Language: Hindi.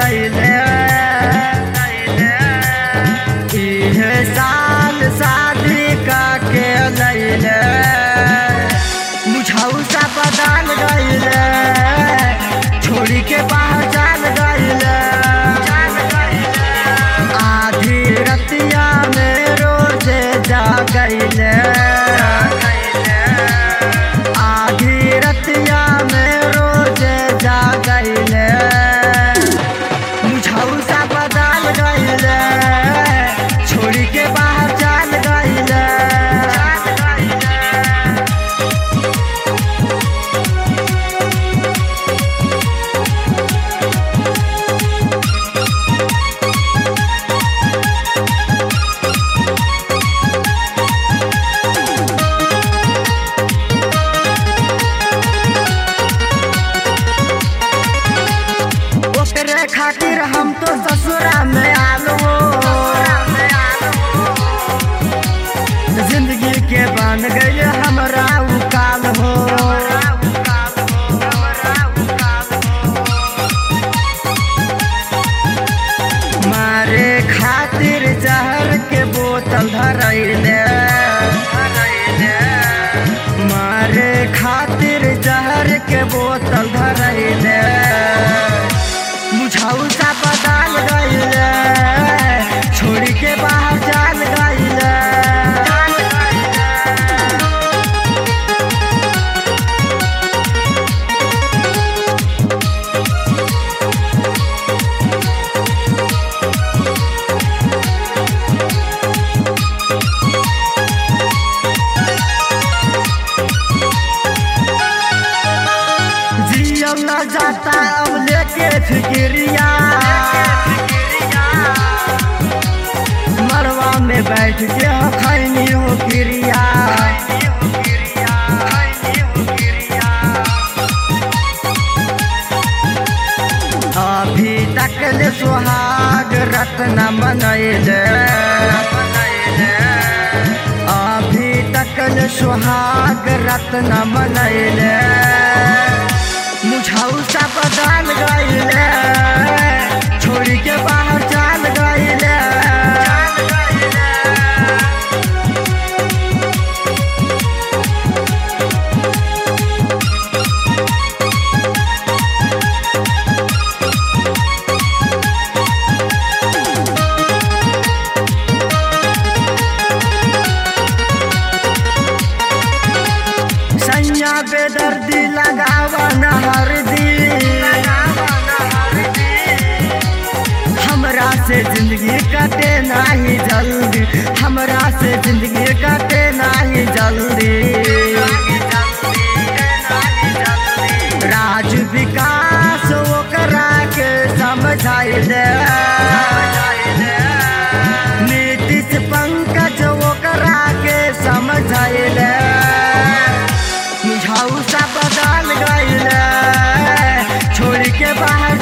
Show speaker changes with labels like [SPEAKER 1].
[SPEAKER 1] চাইলে बोतल धरई दे मरवा में बैठ अभी तक सुहाग रत्न मनैले अभी तक सुहाग रत्न मनैले मुझाऊ सब चाल गईले छोड़ी के बाहर चाल गईले बेदर्दी लगा से जिंदगी कटे नाही जल्दी हमरा से जिंदगी कटे नाही जल्दी राज विकास ओकरा के समझाई दे नीतीश पंकज ओकरा के दे बुझाऊ सा बदल गई छोड़ के बाहर